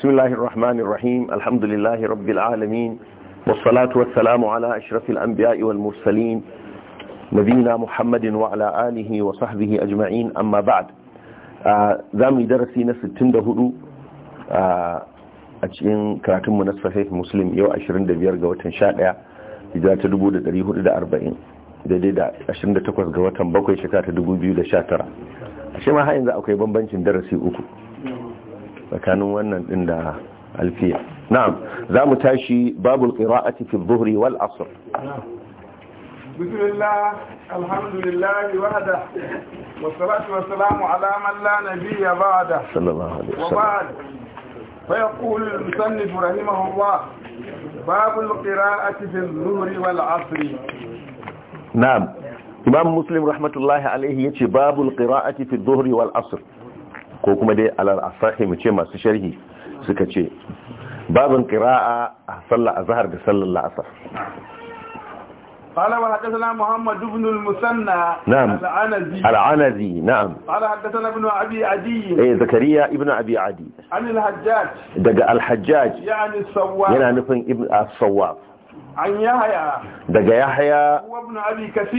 بسم الله الرحمن الرحيم الحمد لله رب العالمين والصلاة والسلام على أشرف الأنبياء والمرسلين نبينا محمد وعلى آله وصحبه أجمعين أما بعد زامي درسي نستن دهدو أجين كراتم فيه مسلم يو أشرين دبير قوة شائع إذا تدبو دريه دا أربعين daidai da 28 ga watan bakwai shekara ta 2019 a shi ma ha'in za a kai bambancin darasi uku فكانوا نعم ذا متاشي باب القراءة في الظهر بسم الله الحمد لله وحده والصلاة والسلام على من لا نبي بعده صلى الله عليه وسلم وبعد فيقول المصنف رحمه الله باب القراءة في الظهر والعصر نعم إمام مسلم رحمة الله عليه يتي باب القراءة في الظهر والعصر ko kuma dai alal asahi mu ce masu sharhi suka ce babin kira'a a sallar zahar da sallar la'asar قال وحدثنا محمد بن المسنى نعم العنزي العنزي نعم قال حدثنا ابن ابي عدي اي زكريا ابن ابي عدي عن الحجاج دقى الحجاج يعني الصواب يعني ابن الصواب an yahaya daga yahaya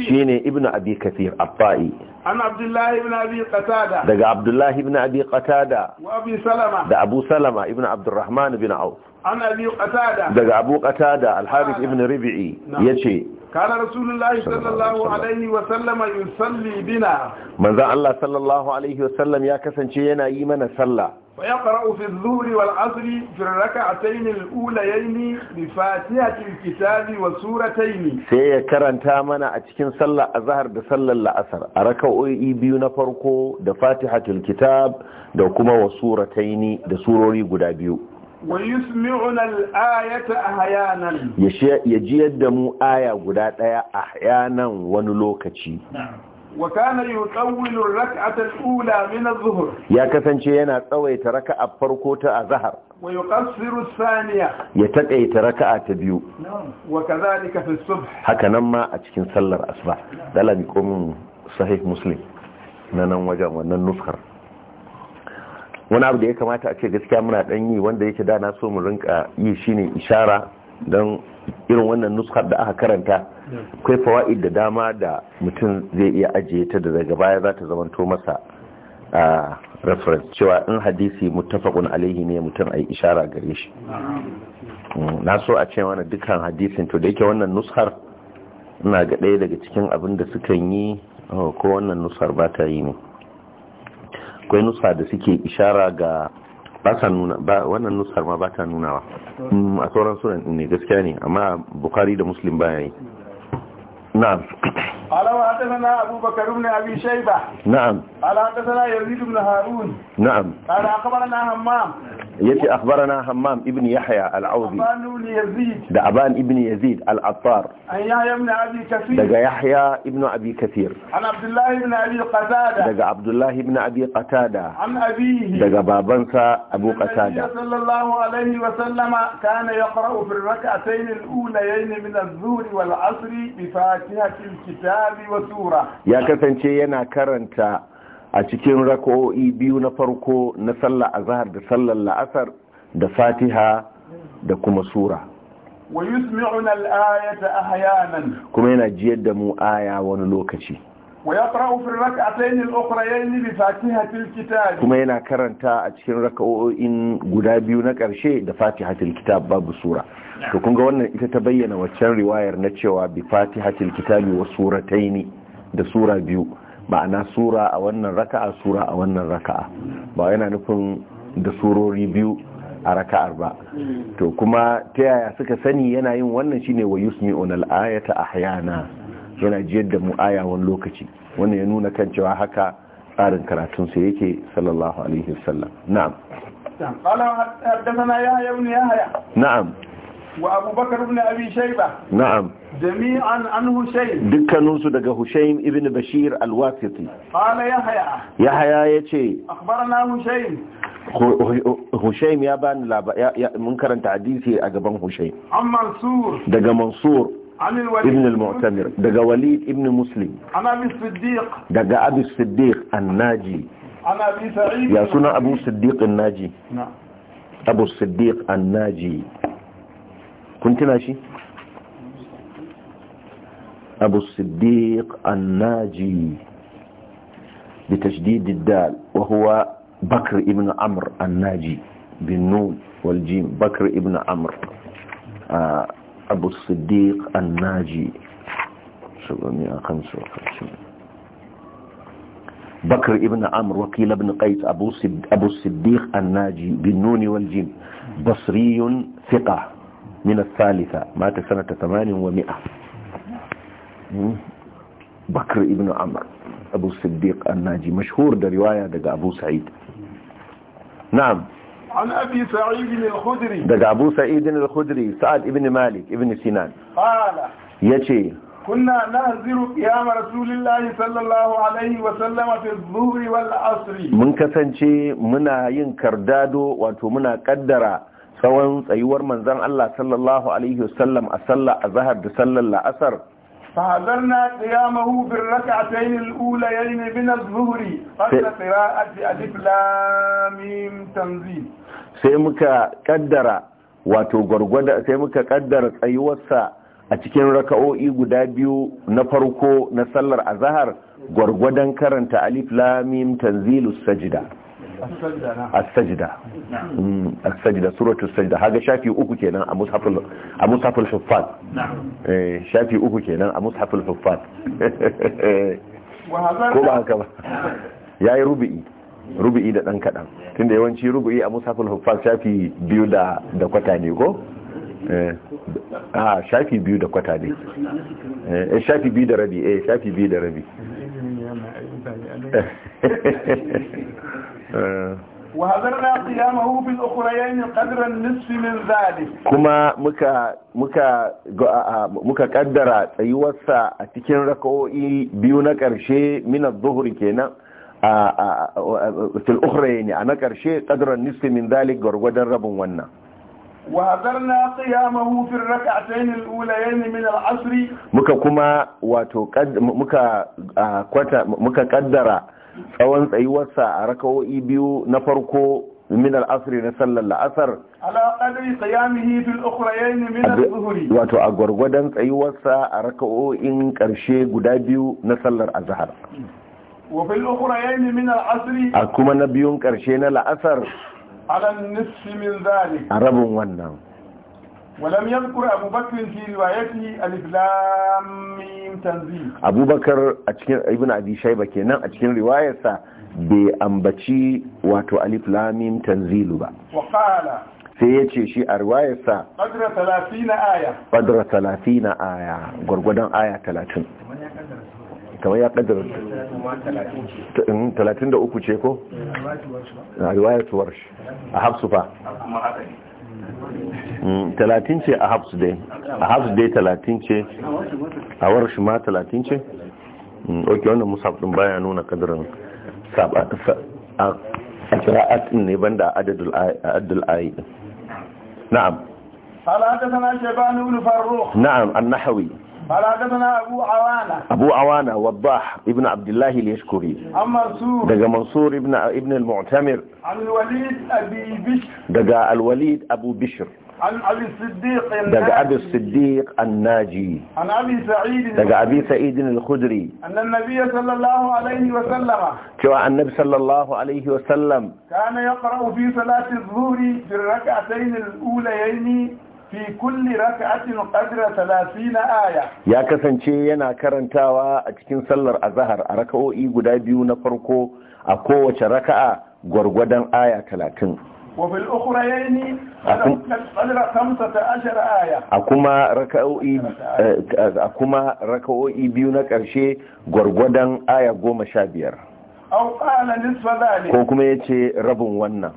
shine ibnu abi kathir an abdullahi ibn abi qatada daga abdullahi ibn abi qatada wa abi salama da abu salama ibnu abdurrahman ibn auf an abi qatada daga abu qatada al ibn rabi'i yace kana rasulullahi sallallahu alaihi wa sallam yusalli bina manzo Allah sallallahu alaihi wa sallam ya kasance yana yi mana sallah ويقرأ في الظهر والعصر في الركعتين الأوليين بفاتحة الكتاب وسورتين سي كرن تامنا أتكين صلى الظهر بصلى العصر أركو إيبيو نفرقو دفاتحة الكتاب دوكما وسورتين دسوروري قدابيو ويسمعنا الآية أحيانا يجي يدمو آية قدات آية أحيانا ونلوكتي نعم wa kana yutawwil ar al-ula min adh ya kasance yana tsawaita raka'a farko ta azhar wa yuqassiru ath-thaniya ya taqaita raka'a ta biyu wa kadhalika fi as-subh haka nan ma a cikin sallar asba dala mi komin sahih muslim na nan wajen wannan nuskar wani abu da ya kamata a ce gaskiya muna ɗan yi wanda yake da na so mu rinka yi shine ishara don irin wannan nuskar da aka karanta akwai fawa'id da dama da mutum zai iya ajiye ta da daga baya za ta zamanto masa a reference cewa in hadisi mutafakun alaihi ne mutum a yi ishara gare shi mm, na so a cewa na dukkan hadisin to da yake wannan nuskar ina ga ɗaya daga cikin abin da sukan yi ko wannan nuskar ba ta yi ne akwai nuska da suke ishara ga ba ta nuna ba wannan nusar ma ba ta nunawa mm, a sauran sunan ne gaskiya ne amma bukari da muslim ba yayi na'am ala wa hadathana abubakar ibn abi shayba na'am ala hadathana yazid ibn harun na'am ala na hammam yace akhbarana hammam ibn yahya al-audi da aban ibn yazid al-attar daga yahya ibn abi kathir daga abdullah ibn abi qatada daga babansa abu qatada kana yaqra'u fi rak'atayn al-ulayayn min az ya kasance yana karanta a cikin rako'o'i biyu na farko na a zahar da sallar la'asar da fatiha da kuma sura kuma yana jiyar da mu aya wani lokaci kuma yana karanta a cikin raka'o'in guda biyu na ƙarshe da fatihatul kitab babu sura to kun ga wannan ita ta bayyana waccan riwayar na cewa bi fatihatul kitab wa sura taini da sura biyu ma'ana sura a wannan raka'a sura a wannan raka'a ba yana nufin da surori biyu a raka'ar ba to kuma ta yaya suka sani yana yin wannan shine wa yusmi'un al-ayata ahyana yana jiyar da mu aya wani lokaci wannan ya nuna kan cewa haka tsarin karatun sa yake sallallahu alaihi wasallam na'am qala haddathana yahya ibn yahya na'am wa abubakar ibn abi shayba na'am jami'an an daga Hushayn ibn Bashir al-Wasiti qala Yahya Yahya yace akhbarana Hushayn ya bani mun karanta hadisi a gaban Hushaym an Mansur daga Mansur ibn al دقا daga Walid ibn Muslim ابي الصديق دقا daga الصديق الناجي an ابي سعيد يا سنة ya الصديق الناجي نعم an الصديق الناجي كنت an kun tuna shi أبو الصديق الناجي بتشديد الدال وهو بكر ابن عمرو الناجي بالنون والجيم بكر ابن عمرو آه، أبو الصديق الناجي 755 بكر ابن عمرو وقيل ابن قيس أبو, أبو الصديق الناجي بالنون والجيم بصري ثقة من الثالثة مات سنة 800 bakar ibn amr abu siddiq annaji mashhur da riwaya daga abu sa'id na'am عن أبي سعيد الخدري دقى أبو سعيد الخدري سعد ابن مالك ابن سنان قال يتي كنا نهزر قيام رسول الله صلى الله عليه وسلم في الظهر والعصر من kasance منا ينكر دادو واتو منا قدر tsawon tsayuwar manzon Allah sallallahu alaihi wasallam a sallah a zahar da sallar la'asar فحضرنا قيامه بالركعتين الأوليين من الظهر قبل قراءة ألف لام تنزيل سيمك قدر kaddara wato gwargwada sai muka a cikin raka'o'i guda biyu na farko na sallar azahar gwargwadon karanta alif lamim tanzilus sajida as-sajda as suratu sajda haga shafi uku kenan a mushaful a mushaful huffaz eh yayi rubi'i rubi'i da dan kadan tunda yawanci rubi'i a mushaful huffaz shafi biyu da da kwata ko eh, a shafi biyu da kwata ne eh, eh shafi biyu da rabi eh shafi biyu da rabi kuma muka muka muka kaddara tsayuwarsa a cikin rakoi biyu na karshe min az-zuhr kenan a fil ukhrayni ana karshe qadra nisfi min dalik gurgudan rabun wannan wa hadarna qiyamahu fi rak'atayn al-ulayayn min al-asr muka kuma wato muka kwata muka kaddara tsawon tsayuwarsa a rakawo'i biyu na farko min al'asri na sallar la'asar wato a gwargwadon tsayuwarsa a raka'o'in ƙarshe guda biyu na sallar azhar a kuma na biyun ƙarshe na la'asar a rabin wannan ولم يذكر أبو بكر في روايته الإسلامي abubakar a cikin ibn abi shaiba kenan a cikin riwayarsa bai ambaci wato alif lamim tanzilu ba sai ya ce shi a riwayarsa ƙadra talatina aya gwargwadon aya talatin kamar ya ƙadra hmm, talatin da uku ce ko? a eh, riwayar tuwar a hafsu fa Mm, talatin ce a hafs dai a hafs dai talatin ce a warshi ma talatin ce mm, ok wanda musaf din baya nuna kadirin a atin ne banda adadul ayi na'am قال حدثنا شيبان بن فروخ نعم النحوي قال أبو عوانة أبو عوانة وضاح ابن عبد الله اليشكري عن منصور دقى منصور ابن, ابن المعتمر عن الوليد أبي بشر دقى الوليد أبو بشر عن أبي الصديق الناجي أبي الصديق الناجي عن أبي سعيد دقى أبي سعيد الخدري أن النبي صلى الله عليه وسلم كوا النبي صلى الله عليه وسلم كان يقرأ في صلاة الظهر في الركعتين الأوليين fi kulli raka'atin qadra 30 aya ya kasance yana karantawa a cikin sallar azhar a raka'o'i guda biyu na farko a kowace raka'a gwargwadon aya 30 wa fil ukhrayayn qadra a kuma raka'o'i eh, a kuma raka'o'i biyu na ƙarshe gwargwadon aya 15 aw qala nisfa dhalik ko kuma yace rabin wannan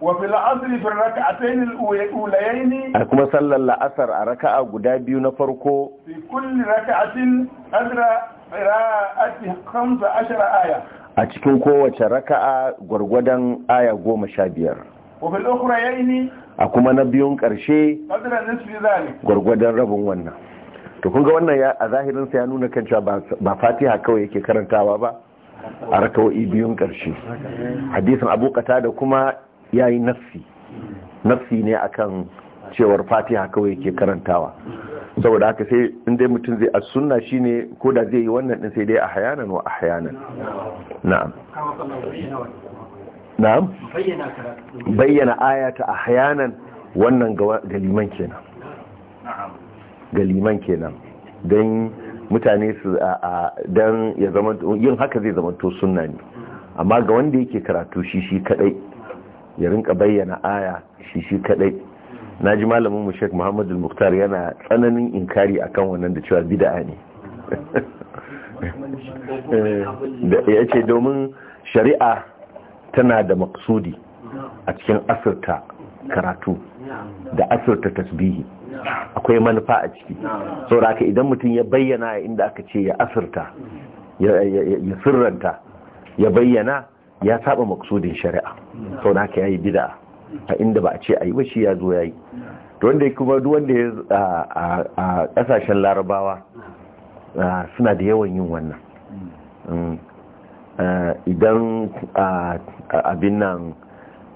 wa fil asr fi rak'atayn al-ulayayn a kuma sallar la'asar a raka a guda biyu na farko fi kulli rak'atin adra qira'ati 15 aya a cikin kowace raka a gwargwadon aya goma sha biyar a kuma na biyun ƙarshe gwargwadon rabin wannan to kun ga wannan a zahirinsa ya nuna kan cewa ba fatiha kawai yake karantawa ba a raka'o'i biyun ƙarshe hadisin abu da kuma ya yi nafsi nafsi ne akan cewar fatiha kawai ke karantawa saboda haka sai inda mutum zai a sunna ne ko da zai yi wannan din sai dai a hayanan wa a hayanan na'am na'am bayyana ayata a hayanan wannan galiman kenan Galiman kenan don mutane su a don ya zama yin haka zai zama to sunna ne amma ga wanda yake karatu shi shi kadai ya rinka bayyana aya shi shi kadai na ji malamin mu shek Muhammadu al yana tsananin inkari akan wannan da cewa bid'a ne ya ce domin shari'a tana da maksudi a cikin asirta karatu da asirta tasbihi akwai manufa a ciki sauraka idan mutum ya bayyana inda aka ce ya asirta ya sirranta ya bayyana ya saba maksudin shari'a sau na ka yayi bida a inda ba a ce a yi ba shi ya zo ya yi wanda kuma wanda ya a kasashen larabawa suna da yawan yin wannan mm. idan abin nan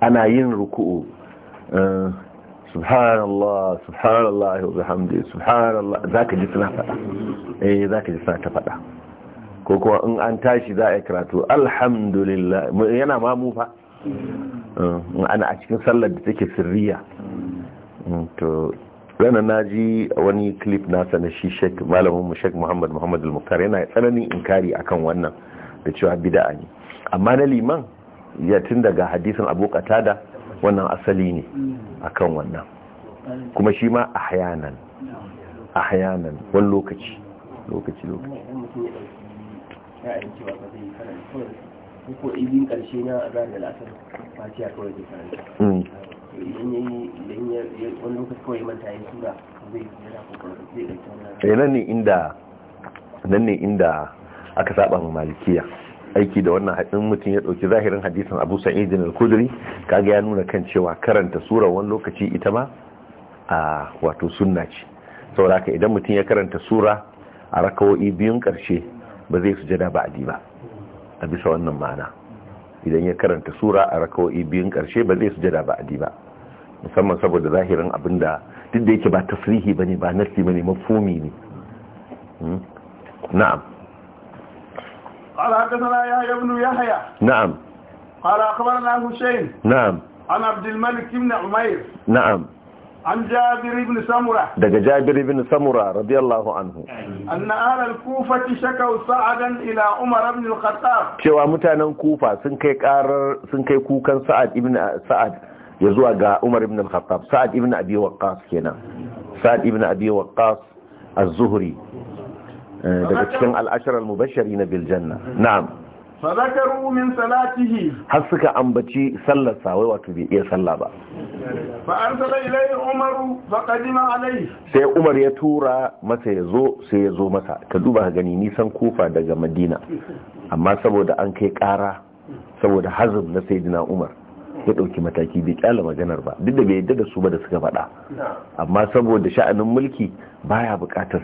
ana yin ruku'u subhanallah subhanallah wa bihamdi subhanallah zaka ji suna fada eh zaka ji suna ta fada ko kuma in an tashi za a yi karatu alhamdulillah yana mamu fa mm, ana a cikin sallar da take sirriya mm, to yana na ji wani clip nasa na shi shek malamin mu shek muhammad muhammad al-muktar yana tsananin inkari akan wannan da cewa bida'a ne amma na liman ya tun daga hadisin abu da wannan asali ne akan wannan kuma shi ma ahyanan ahyanan wani lokaci lokaci lokaci ra'ayin cewa ba zai yi karanta kawai ko ibin karshe na azhar da la'asar fatiha kawai zai karanta hmm. idan yayi idan ya wani lokaci kawai manta yayi sura zai yana kokarin zai dauki wannan eh, nan ne inda nan ne inda aka saba ma malikiya aiki da wannan hadin mutum ya ɗauki zahirin hadisan Abu Sa'id al-Khudri kaga ya nuna kan cewa karanta sura wani lokaci ita ma a wato sunna ce saboda idan mutum ya karanta sura a rakawo'i biyun ƙarshe. ba zai sujada ba'di ba a bisa wannan ma'ana idan ya karanta sura a rakawai biyun karshe ba zai sujada ba'di ba musamman saboda zahirin abin da duk da yake ba tasrihi ne ba nasi ne mafumi ne hmm? na'am na'am حدثنا يحيى قال أخبرنا حسين نعم عن عبد الملك بن عمير نعم عن جابر بن سمرة دقى جابر بن سمرة رضي الله عنه أن أهل الكوفة شكوا سعدا إلى عمر بن الخطاب شوى متانا كوفة سنكي قارر سنكي كوكا سعد ابن سعد يزوى قا عمر بن الخطاب سعد ابن أبي وقاص كنا سعد ابن أبي وقاص الزهري دقى تكن العشر المبشرين بالجنة نعم فذكروا من صلاته حسك أنبتي صلى ساوي وتبي إيه صلى بقى sai Umar ya tura masa ya zo sai ya zo masa ka duba gani nisan kofa daga Madina amma saboda an kai ƙara saboda hazin na Sayyidina Umar ya ɗauki mataki bai kyala maganar ba duk da bai yadda da su ba da suka faɗa amma saboda sha'anin mulki baya buƙatar